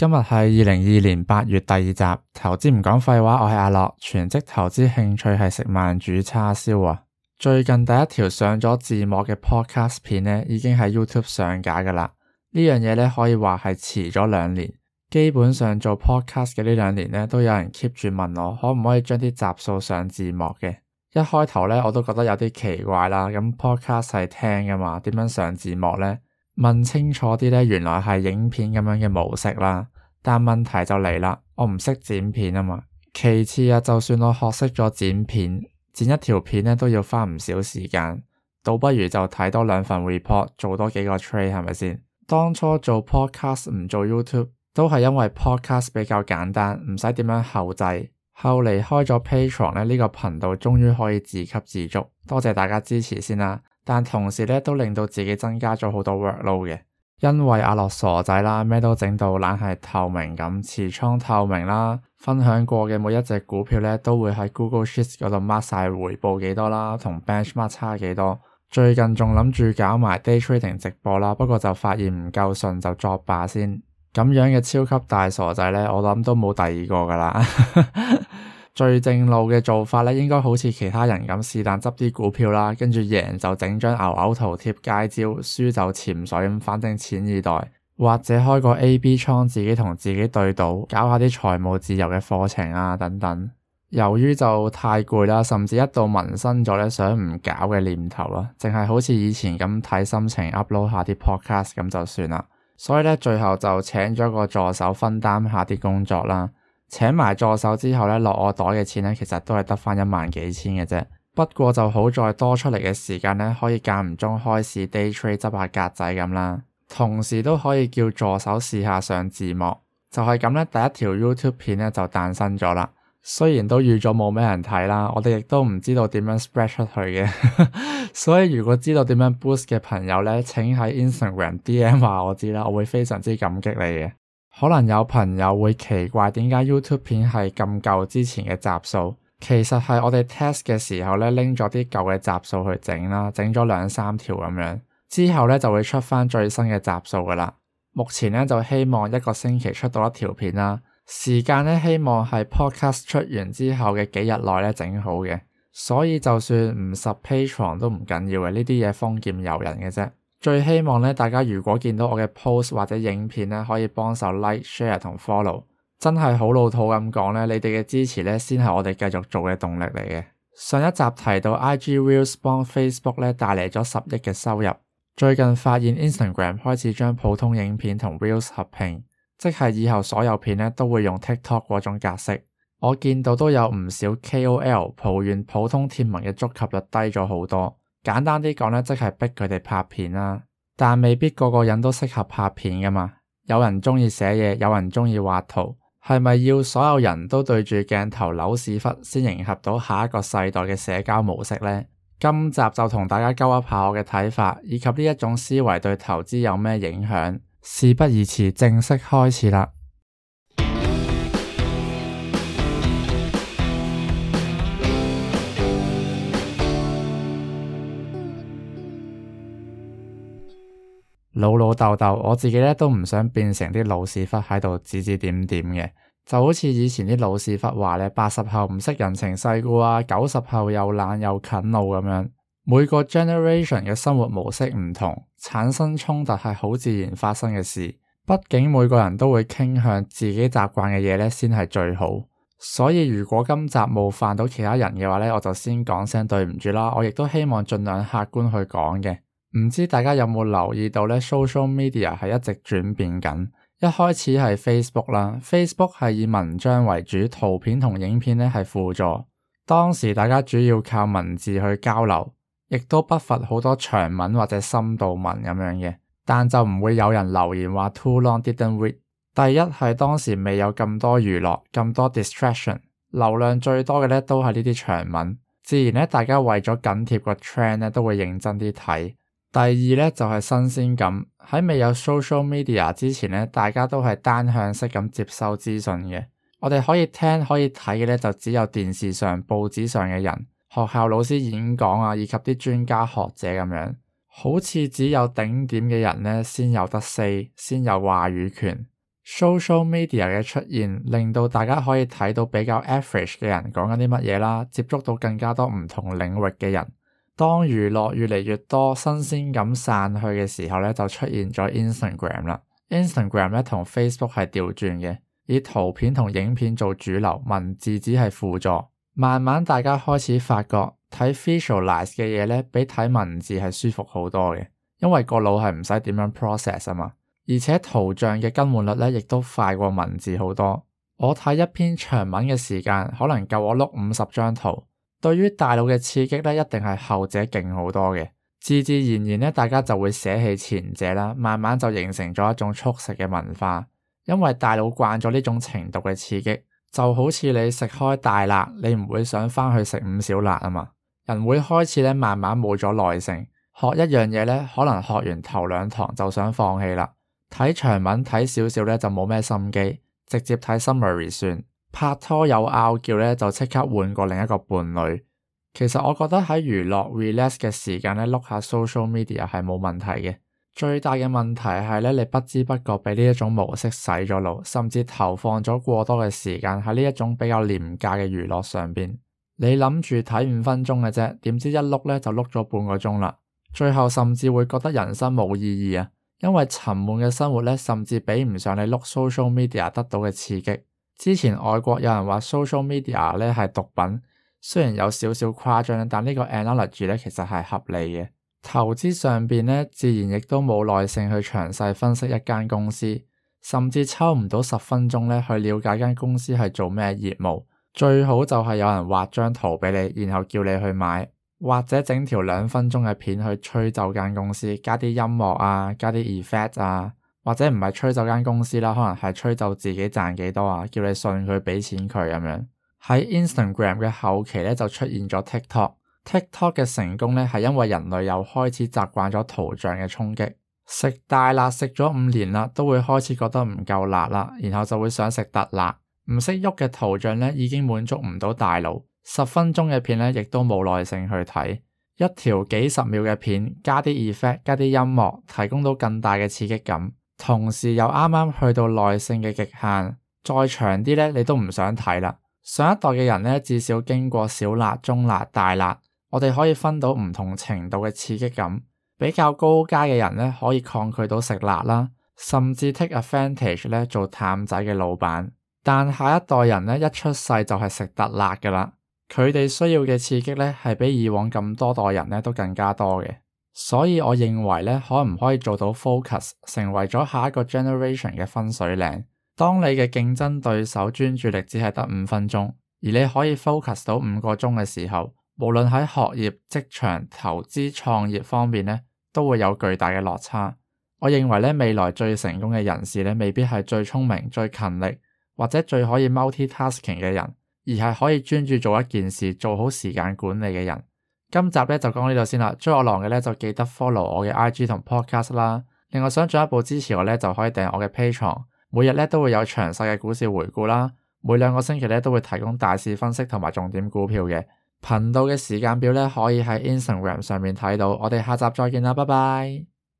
今日係二零二二年八月第二集，投資唔講廢話，我係阿樂，全職投資興趣係食慢煮叉燒啊！最近第一條上咗字幕嘅 podcast 片呢已經喺 YouTube 上架噶啦。呢樣嘢呢可以話係遲咗兩年，基本上做 podcast 嘅呢兩年呢，都有人 keep 住問我可唔可以將啲集數上字幕嘅。一開頭呢，我都覺得有啲奇怪啦，咁 podcast 係聽噶嘛，點樣上字幕呢？問清楚啲咧，原來係影片咁樣嘅模式啦。但問題就嚟啦，我唔識剪片啊嘛。其次啊，就算我學識咗剪片，剪一條片咧都要花唔少時間，倒不如就睇多兩份 report，做多幾個 trade 係咪先？當初做 podcast 唔做 YouTube，都係因為 podcast 比較簡單，唔使點樣後製。後嚟開咗 Patreon 咧，呢個頻道終於可以自給自足，多謝大家支持先啦。但同時咧，都令到自己增加咗好多 workload 嘅，因為阿樂傻仔啦，咩都整到懶係透明咁，持倉透明啦，分享過嘅每一隻股票咧，都會喺 Google Sheets 度 mark 晒回報幾多啦，同 benchmark 差幾多。最近仲諗住搞埋 day trading 直播啦，不過就發現唔夠順就作罷先。咁樣嘅超級大傻仔咧，我諗都冇第二個㗎啦。 最正路嘅做法咧，應該好似其他人咁，是但執啲股票啦，跟住贏就整張牛牛圖貼街招，輸就潛水咁，反正錢二代，或者開個 AB 倉，自己同自己對賭，搞下啲財務自由嘅課程啊等等。由於就太攰啦，甚至一度紋身咗咧，想唔搞嘅念頭啦，淨係好似以前咁睇心情 upload 下啲 podcast 咁就算啦。所以咧，最後就請咗個助手分擔下啲工作啦。請埋助手之後咧，落我袋嘅錢咧，其實都係得翻一萬幾千嘅啫。不過就好在多出嚟嘅時間咧，可以間唔中開始 day trade 執下格仔咁啦。同時都可以叫助手試下上字幕，就係咁咧。第一條 YouTube 片咧就誕生咗啦。雖然都預咗冇咩人睇啦，我哋亦都唔知道點樣 spread 出去嘅。 所以如果知道點樣 boost 嘅朋友咧，請喺 Instagram DM 話我知啦，我會非常之感激你嘅。可能有朋友會奇怪點解 YouTube 片係咁舊之前嘅集數，其實係我哋 test 嘅時候咧拎咗啲舊嘅集數去整啦，整咗兩三條咁樣，之後咧就會出翻最新嘅集數噶啦。目前咧就希望一個星期出到一條片啦，時間咧希望係 Podcast 出完之後嘅幾日內咧整好嘅，所以就算唔十 Patreon 都唔緊要嘅，呢啲嘢豐儉由人嘅啫。最希望咧，大家如果見到我嘅 post 或者影片咧，可以幫手 like、share 同 follow，真係好老土咁講咧，你哋嘅支持咧先係我哋繼續做嘅動力嚟嘅。上一集提到 IG Reels 幫 Facebook 咧帶嚟咗十億嘅收入，最近發現 Instagram 開始將普通影片同 Reels 合拼，即係以後所有片咧都會用 TikTok 嗰種格式。我見到都有唔少 KOL 抱怨普通貼文嘅觸及率低咗好多。簡單啲講咧，即係逼佢哋拍片啦，但未必個個人都適合拍片噶嘛。有人中意寫嘢，有人中意畫圖，係咪要所有人都對住鏡頭扭屎忽先迎合到下一個世代嘅社交模式咧？今集就同大家溝一下我嘅睇法，以及呢一種思維對投資有咩影響？事不宜遲，正式開始啦！老老豆豆，我自己咧都唔想變成啲老屎忽喺度指指點點嘅，就好似以前啲老屎忽話咧，八十後唔識人情世故啊，九十後又懶又啃老咁樣，每個 generation 嘅生活模式唔同，產生衝突係好自然發生嘅事。畢竟每個人都會傾向自己習慣嘅嘢咧，先係最好。所以如果今集冒犯到其他人嘅話咧，我就先講聲對唔住啦。我亦都希望盡量客觀去講嘅。唔知大家有冇留意到呢？Social media 係一直轉變緊，一開始係 Facebook 啦，Facebook 係以文章為主，圖片同影片呢係輔助。當時大家主要靠文字去交流，亦都不乏好多長文或者深度文咁樣嘅，但就唔會有人留言話 too long didn't read。第一係當時未有咁多娛樂，咁多 distraction，流量最多嘅呢都係呢啲長文，自然呢，大家為咗緊貼個 trend 呢，都會認真啲睇。第二呢，就係新鮮感，喺未有 social media 之前呢，大家都係單向式咁接收資訊嘅。我哋可以聽可以睇嘅呢，就只有電視上、報紙上嘅人、學校老師演講啊，以及啲專家學者咁樣，好似只有頂點嘅人呢，先有得 say，先有話語權。social media 嘅出現令到大家可以睇到比較 average 嘅人講緊啲乜嘢啦，接觸到更加多唔同領域嘅人。當娛樂越嚟越多，新鮮感散去嘅時候呢，就出現咗 Instagram 啦。Instagram 咧，同 Facebook 係調轉嘅，以圖片同影片做主流，文字只係輔助。慢慢大家開始發覺睇 visualize 嘅嘢呢，看比睇文字係舒服好多嘅，因為個腦係唔使點樣 process 啊嘛。而且圖像嘅更換率呢，亦都快過文字好多。我睇一篇長文嘅時間，可能夠我碌五十張圖。對於大腦嘅刺激咧，一定係後者勁好多嘅，自自然然咧，大家就會捨棄前者啦，慢慢就形成咗一種速食嘅文化。因為大腦慣咗呢種程度嘅刺激，就好似你食開大辣，你唔會想翻去食五小辣啊嘛。人會開始咧，慢慢冇咗耐性，學一樣嘢咧，可能學完頭兩堂就想放棄啦。睇長文睇少少呢，就冇咩心機，直接睇 summary 算。拍拖有拗撬咧，就即刻換過另一個伴侶。其實我覺得喺娛樂 relax 嘅時間咧，碌下 social media 係冇問題嘅。最大嘅問題係咧，你不知不覺俾呢一種模式洗咗腦，甚至投放咗過多嘅時間喺呢一種比較廉價嘅娛樂上邊。你諗住睇五分鐘嘅啫，點知一碌咧就碌咗半個鐘啦。最後甚至會覺得人生冇意義啊，因為沉悶嘅生活咧，甚至比唔上你碌 social media 得到嘅刺激。之前外國有人話 social media 咧係毒品，雖然有少少誇張，但呢個 analogy 其實係合理嘅。投資上邊呢，自然亦都冇耐性去詳細分析一間公司，甚至抽唔到十分鐘呢去了解間公司係做咩業務。最好就係有人畫張圖俾你，然後叫你去買，或者整條兩分鐘嘅片去吹奏間公司，加啲音樂啊，加啲 effect 啊。或者唔係吹走間公司啦，可能係吹走自己賺幾多啊，叫你信佢俾錢佢咁樣。喺 Instagram 嘅後期咧，就出現咗 TikTok。TikTok 嘅成功咧係因為人類又開始習慣咗圖像嘅衝擊，食大辣食咗五年啦，都會開始覺得唔夠辣啦，然後就會想食特辣。唔識喐嘅圖像呢，已經滿足唔到大腦，十分鐘嘅片呢，亦都冇耐性去睇一條幾十秒嘅片，加啲 effect，加啲音樂，提供到更大嘅刺激感。同時又啱啱去到耐性嘅極限，再長啲咧，你都唔想睇啦。上一代嘅人咧，至少經過小辣、中辣、大辣，我哋可以分到唔同程度嘅刺激感。比較高階嘅人咧，可以抗拒到食辣啦，甚至 take advantage 咧做淡仔嘅老闆。但下一代人咧，一出世就係食特辣㗎啦，佢哋需要嘅刺激咧，係比以往咁多代人咧都更加多嘅。所以我認為咧，可唔可以做到 focus，成為咗下一個 generation 嘅分水嶺？當你嘅競爭對手專注力只係得五分鐘，而你可以 focus 到五個鐘嘅時候，無論喺學業、職場、投資、創業方面咧，都會有巨大嘅落差。我認為咧，未來最成功嘅人士咧，未必係最聰明、最勤力或者最可以 multitasking 嘅人，而係可以專注做一件事、做好時間管理嘅人。今集咧，就講到呢度先啦，追我浪嘅咧就記得 follow 我嘅 IG 同 podcast 啦。另外想進一步支持我咧，就可以訂我嘅 Patreon。每日咧都會有詳細嘅股市回顧啦，每兩個星期咧都會提供大市分析同埋重點股票嘅頻道嘅時間表咧，可以喺 Instagram 上面睇到。我哋下集再見啦，拜拜。